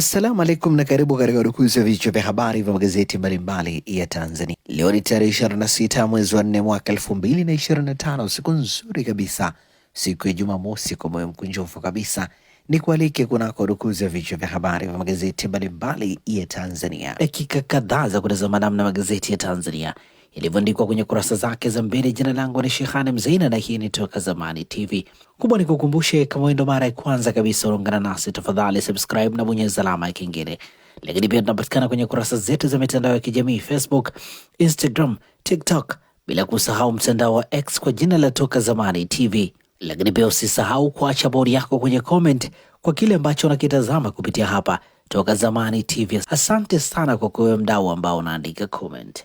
Assalamu alaikum na karibu katika udukuzi wa vichwa vya habari vya magazeti mbalimbali ya Tanzania. Leo ni tarehe 26 mwezi wa 4 mwaka 2025, siku nzuri kabisa, siku ya Jumamosi. Kwa moyo mkunjufu kabisa ni kualike kunako udukuzi wa vichwa vya habari vya magazeti mbalimbali ya Tanzania, dakika kadhaa za kutazama namna magazeti ya Tanzania ilivyoandikwa kwenye kurasa zake za mbele. Jina langu ni Shehane Mzeina na hii ni Toka Zamani TV. Kubwa nikukumbushe, kama ndo mara ya kwanza kabisa unaungana nasi, tafadhali subscribe na bonyeza alama ya kengele. Lakini pia tunapatikana kwenye kurasa zetu za mitandao ya kijamii Facebook, Instagram, TikTok, bila kusahau mtandao wa X kwa jina la Toka Zamani TV. Lakini pia usisahau kuacha bodi yako kwenye comment kwa kile ambacho unakitazama kupitia hapa Toka Zamani TV. Asante sana kwa kuwe mdau ambao unaandika comment.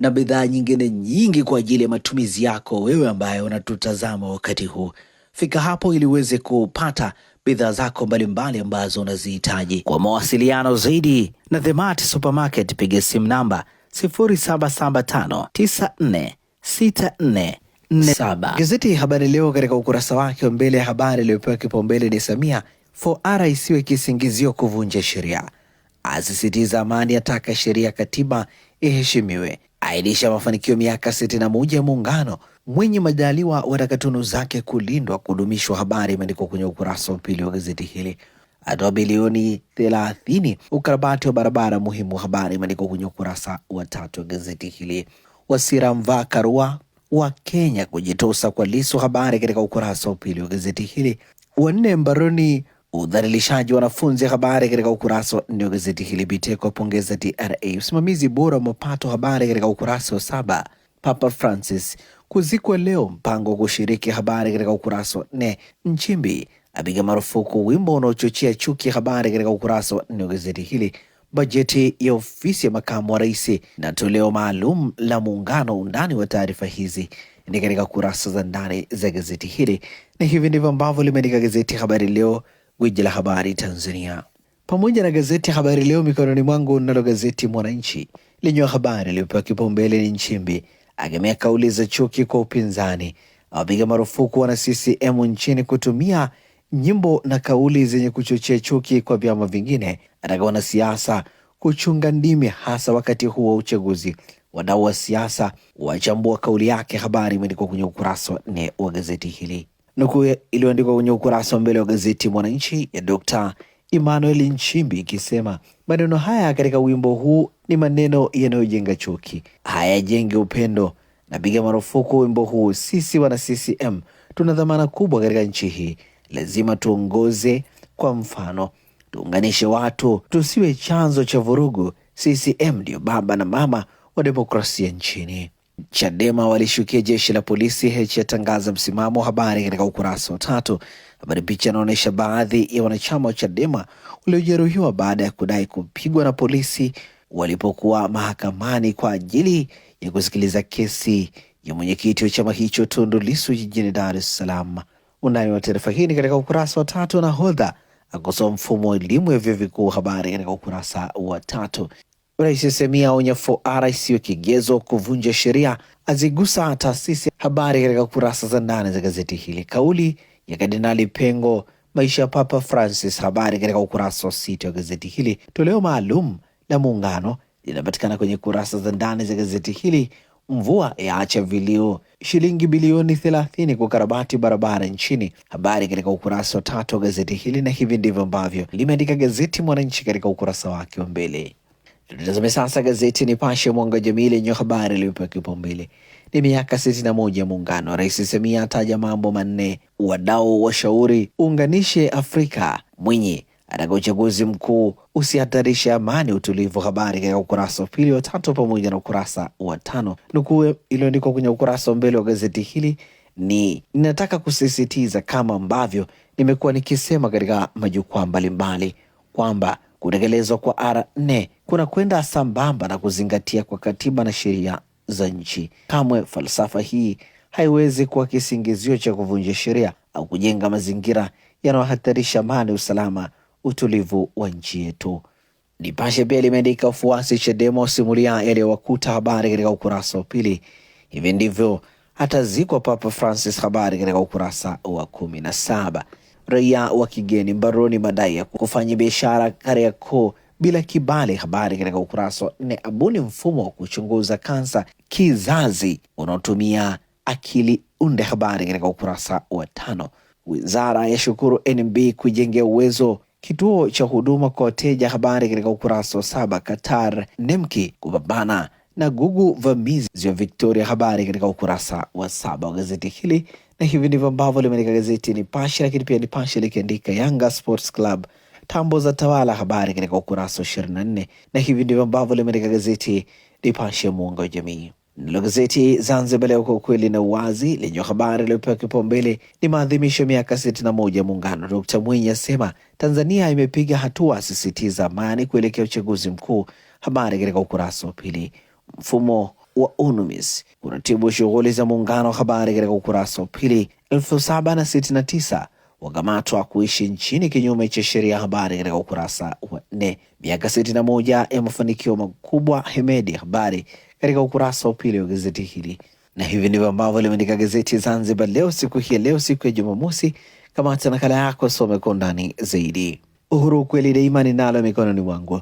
na bidhaa nyingine nyingi kwa ajili ya matumizi yako wewe ambaye unatutazama wakati huu. Fika hapo ili uweze kupata bidhaa zako mbalimbali ambazo unazihitaji. Kwa mawasiliano zaidi na Themart Supermarket piga simu namba 0775946447. Gazeti Habari Leo katika ukurasa wake wa mbele ya habari iliyopewa kipaumbele ni Samia, FOR isiwe kisingizio kuvunja sheria, asisitiza Amani, ataka sheria katiba iheshimiwe aidisha mafanikio miaka sitini na moja ya Muungano. mwenye Majaliwa wataka tunu zake kulindwa, kudumishwa. Habari imeandikwa kwenye ukurasa wa pili wa gazeti hili. Atoa bilioni thelathini ukarabati wa barabara muhimu. Habari imeandikwa kwenye ukurasa wa tatu wa gazeti hili. Wasira mvaa karua wa Kenya kujitosa kwa Lisu. Habari katika ukurasa wa pili wa gazeti hili. Wanne mbaroni udhalilishaji wa wanafunzi ya habari katika ukurasa wa nne wa gazeti hili. Biteko apongeza TRA usimamizi bora wa mapato, habari katika ukurasa wa saba. Papa Francis kuzikwa leo, mpango wa kushiriki, habari katika ukurasa wa nne. Nchimbi apiga marufuku wimbo unaochochea chuki, habari katika ukurasa wa nne wa gazeti hili. Bajeti ya ofisi ya makamu wa rais na toleo maalum la muungano. Undani wa taarifa hizi ni katika kurasa za ndani za gazeti hili, na hivi ndivyo ambavyo limeandika gazeti Habari Leo gwiji la habari Tanzania, pamoja na gazeti Habari Leo mikononi mwangu. Nalo gazeti Mwananchi lenye wa habari iliyopewa kipaumbele ni Nchimbi agemea kauli za chuki kwa upinzani, awapiga marufuku wana CCM nchini kutumia nyimbo na kauli zenye kuchochea chuki kwa vyama vingine, ataka wanasiasa kuchunga ndimi, hasa wakati huu wa uchaguzi. Wadau wa siasa wachambua kauli yake. Habari imeandikwa kwenye ukurasa wa nne wa gazeti hili nukuu iliyoandikwa kwenye ukurasa wa mbele wa gazeti Mwananchi ya Dkt. Emmanuel Nchimbi ikisema maneno haya katika wimbo huu ni maneno yanayojenga chuki, hayajenge upendo. Napiga marufuku wimbo huu. Sisi wana CCM tuna dhamana kubwa katika nchi hii, lazima tuongoze kwa mfano, tuunganishe watu, tusiwe chanzo cha vurugu. CCM ndiyo baba na mama wa demokrasia nchini. Chadema walishukia jeshi la polisi. Heche yatangaza msimamo, habari katika ukurasa wa tatu. Habari picha inaonyesha baadhi ya wanachama wa Chadema waliojeruhiwa baada ya kudai kupigwa na polisi walipokuwa mahakamani kwa ajili ya kusikiliza kesi ya mwenyekiti wa chama hicho Tundu Lissu jijini Dar es Salaam. Undani wa taarifa hii ni katika ukurasa wa tatu. Nahodha akosoa mfumo wa elimu ya vyuo vikuu, habari katika ukurasa wa tatu. Rais Samia aonya 4R kigezo kuvunja sheria, azigusa taasisi habari katika kurasa za ndani za gazeti hili. Kauli ya Kardinali Pengo, maisha ya Papa Francis, habari katika ukurasa wa sita wa gazeti hili. Toleo maalum la Muungano linapatikana kwenye kurasa za ndani za gazeti hili. Mvua yaacha vilio, shilingi bilioni thelathini kukarabati barabara nchini, habari katika ukurasa wa tatu wa gazeti hili, na hivi ndivyo ambavyo limeandika gazeti Mwananchi katika ukurasa wake wa mbele. Tutazame sasa gazeti ya Nipashe mwanga jamii lenye habari iliyopewa kipaumbele ni miaka sitini na moja ya muungano. Rais Samia ataja mambo manne, wadau washauri uunganishe Afrika. Mwinyi ataka uchaguzi mkuu usihatarishe amani, utulivu. Habari katika ukurasa wa pili, wa tatu pamoja na ukurasa wa tano. Nukuu iliyoandikwa kwenye ukurasa wa mbele wa gazeti hili ni ninataka kusisitiza kama ambavyo nimekuwa nikisema katika majukwaa mbalimbali kwamba Kutekelezwa kwa R4 kwenda sambamba na kuzingatia kwa katiba na sheria za nchi. Kamwe falsafa hii haiwezi kuwa kisingizio cha kuvunja sheria au kujenga mazingira yanayohatarisha amani, usalama, utulivu wa nchi yetu. Nipashe pia limeandika ufuasi Chadema wasimulia yaliyowakuta, habari katika ukurasa wa pili. Hivi ndivyo atazikwa Papa Francis, habari katika ukurasa wa kumi na saba raia wa kigeni mbaroni madai ya kufanya biashara Kariakoo bila kibali. Habari katika ukurasa wa nne. Abuni mfumo wa kuchunguza kansa kizazi unaotumia akili unde. Habari katika ukurasa wa tano. Wizara ya shukuru NMB kujengea uwezo kituo cha huduma kwa wateja. Habari katika ukurasa wa saba. Qatar Nemki kupambana na gugu vamizi wa Victoria. Habari katika ukurasa wa saba wa gazeti hili. Na hivi ndivyo ambavyo limeandika gazeti Nipashe, lakini pia Nipashe likiandika Yanga Sports Club tambo za tawala, habari katika ukurasa wa ishirini na nne. Na hivi ndivyo ambavyo limeandika gazeti Nipashe, mwanga wa jamii. Nalo gazeti Zanzibar Leo, kwa ukweli na uwazi, lenye habari iliyopewa kipaumbele ni maadhimisho ya miaka sitini na moja Muungano. Dkt Mwinyi asema Tanzania imepiga hatua, asisitiza amani kuelekea uchaguzi mkuu, habari katika ukurasa wa pili. Mfumo wa UNUMIS kuratibu shughuli za muungano wa habari katika ukurasa wa pili. elfu saba na sitini na tisa wakamatwa kuishi nchini kinyume cha sheria ya habari katika ukurasa wa nne. Miaka sitini na moja ya mafanikio makubwa Hemedi habari katika ukurasa wa pili wa gazeti hili, na hivi ndivyo ambavyo limeandika gazeti Zanzibar Leo siku hii leo, siku ya Jumamosi. Kamata nakala yako, some kwa undani zaidi. Uhuru kweli daima ninalo mikononi mwangu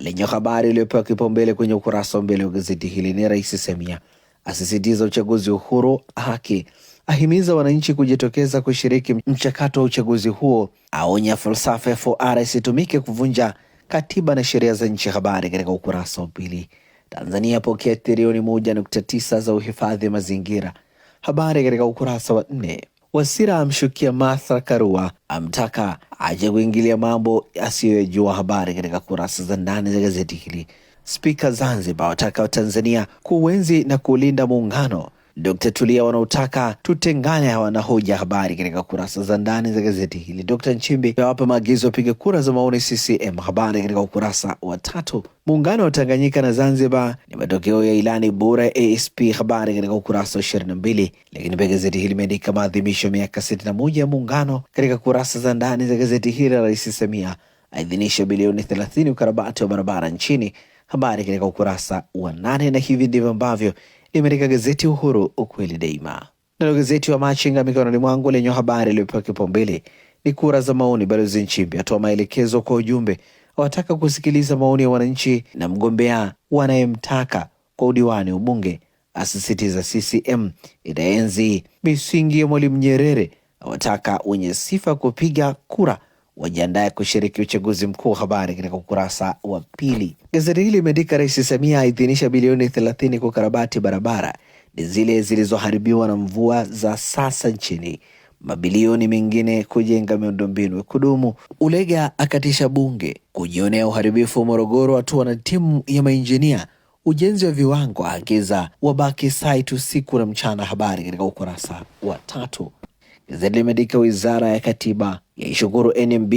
lenye habari iliyopewa kipaumbele kwenye ukurasa wa mbele wa gazeti hili ni Rais Samia asisitiza uchaguzi uhuru, haki, ahimiza wananchi kujitokeza kushiriki mchakato wa uchaguzi huo, aonya falsafa ya 4R isitumike kuvunja katiba na sheria za nchi. Habari katika ukurasa wa pili. Tanzania pokea trilioni 1.9 za uhifadhi mazingira. Habari katika ukurasa wa nne. Wasira amshukia Martha Karua, amtaka aje kuingilia mambo asiyojua. Habari katika kurasa za ndani za gazeti hili. Spika Zanzibar wataka Watanzania kuuenzi na kuulinda muungano Dkt. Tulia wanaotaka tutengane hawanahoja hoja. Habari katika kurasa za ndani za gazeti hili. Dkt. Nchimbi awapa maagizo wapiga kura za maoni CCM. Habari katika ukurasa wa tatu. Muungano wa Tanganyika na Zanzibar ni matokeo ya ilani bora ya ASP. Habari katika ukurasa wa ishirini na mbili. Lakini pia gazeti hili limeandika maadhimisho ya miaka sitini na moja ya Muungano. Katika kurasa za ndani za gazeti hili, la Rais Samia aidhinisha bilioni 30 ukarabati wa barabara nchini. Habari katika ukurasa wa nane, na hivi ndivyo ambavyo limeandika gazeti Uhuru ukweli daima. Nalo gazeti wa Machinga mikononi mwangu lenye habari iliyopewa kipaumbele ni kura za maoni. Balozi Nchimbi atoa maelekezo kwa ujumbe, awataka kusikiliza maoni ya wananchi na mgombea wanayemtaka kwa udiwani ubunge, asisitiza CCM itaenzi misingi ya Mwalimu Nyerere, awataka wenye sifa kupiga kura wajiandaye kushiriki uchaguzi mkuu. Habari katika ukurasa wa pili, gazeti hili limeandika Rais Samia aidhinisha bilioni kwa kukarabati barabara, ni zile zilizoharibiwa na mvua za sasa nchini, mabilioni mengine kujenga miundombinu ya kudumu. Ulega akatisha bunge kujionea uharibifu Morogoro, hatua na timu ya mainjinia ujenzi wa viwango, agiza wabaki site usiku na mchana. Habari katika ukurasa wa tatu. Gazeti limeandika wizara ya katiba yaishukuru NMB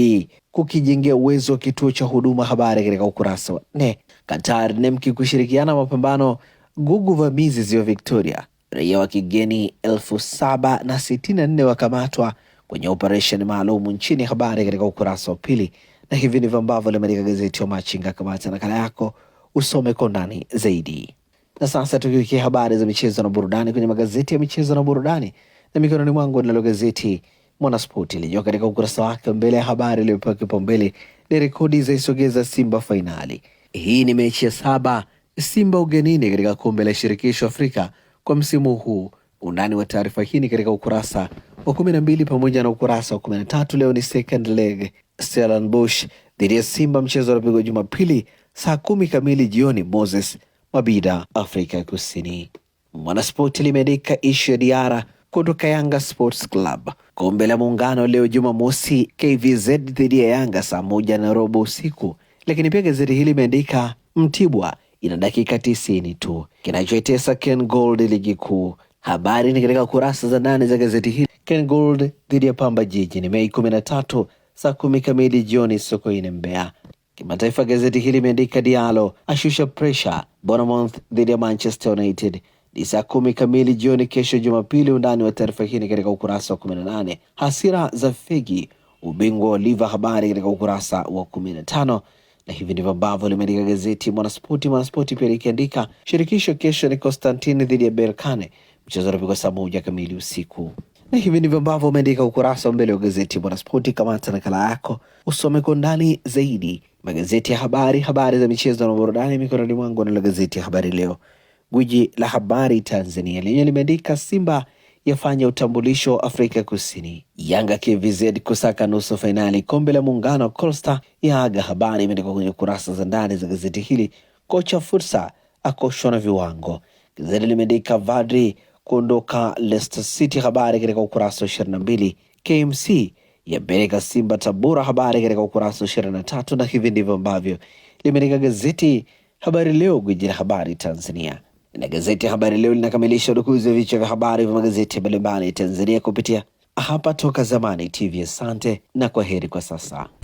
kukijengea uwezo wa kituo cha huduma habari katika ukurasa wa nne. Qatar NEMKI kushirikiana mapambano gugu vamizi ziwa Victoria. Raia wa kigeni elfu saba na sitini na nne wakamatwa kwenye operesheni maalum nchini, habari katika ukurasa wa pili. Na hivi ndivyo ambavyo limeandika gazeti wa Machinga. Kamata nakala yako usome kwa undani zaidi. Na sasa tukiwekia habari za michezo na burudani kwenye magazeti ya michezo na burudani na mikononi mwangu nalo gazeti Mwanaspoti lenyewe katika ukurasa wake mbele ya habari iliyopewa kipaumbele ni rekodi zaisogeza Simba fainali. Hii ni mechi ya saba Simba ugenini katika kombe la shirikisho Afrika kwa msimu huu. Undani wa taarifa hii ni katika ukurasa wa kumi na mbili pamoja na ukurasa wa kumi na tatu. Leo ni second leg Stellenbosch dhidi ya Simba, mchezo unapigwa Jumapili saa kumi kamili jioni, Moses Mabida, Afrika Kusini. Mwanaspoti limeandika ishu ya Diara kutoka Yanga Sports Club. Kombe la Muungano leo Jumamosi, KVZ dhidi ya Yanga saa moja na robo usiku. Lakini pia gazeti hili imeandika Mtibwa ina dakika tisini tu kinachoitesa Ken Gold ligi kuu. Habari ni katika kurasa za nane za gazeti hili. Ken Gold dhidi ya Pamba Jiji ni Mei kumi na tatu saa kumi kamili jioni Sokoine, Mbeya. Kimataifa, gazeti hili imeandika Diallo ashusha presha Bournemouth dhidi ya Manchester United ni saa kumi kamili jioni kesho Jumapili. Undani wa taarifa hii ni katika ukurasa wa kumi na nane. Hasira za Fegi, ubingwa wa liva, habari katika ukurasa wa 15 na hivi ndivyo ambavyo limeandika gazeti Mwanaspoti. Mwanaspoti pia likiandika shirikisho kesho ni Konstantini dhidi ya Berkane, mchezo unapigwa saa moja kamili usiku. Na hivi ndivyo ambavyo umeandika ukurasa wa mbele wa gazeti Mwanaspoti. Kamata nakala yako usome kwa undani zaidi magazeti ya habari, habari za michezo na burudani mikononi mwangu, nalo gazeti ya Habari Leo Gwiji la habari Tanzania lenye limeandika Simba yafanya utambulisho Afrika Kusini, Yanga KVZ kusaka nusu fainali kombe la muungano Costa ya aga. Habari imeandikwa kwenye kurasa za ndani za gazeti hili. Kocha fursa akoshwa na viwango. Gazeti limeandika Vadri kuondoka Leicester City, habari katika ukurasa wa ishirini na mbili. KMC yapeleka Simba Tabora, habari katika ukurasa wa ishirini na tatu. Na hivi ndivyo ambavyo limeandika gazeti Habari Leo, gwiji la habari Tanzania. Na gazeti ya Habari Leo linakamilisha udukuzi wa vichwa vya habari vya magazeti mbalimbali ya Tanzania kupitia hapa Toka Zamani TV. Asante na kwa heri kwa sasa.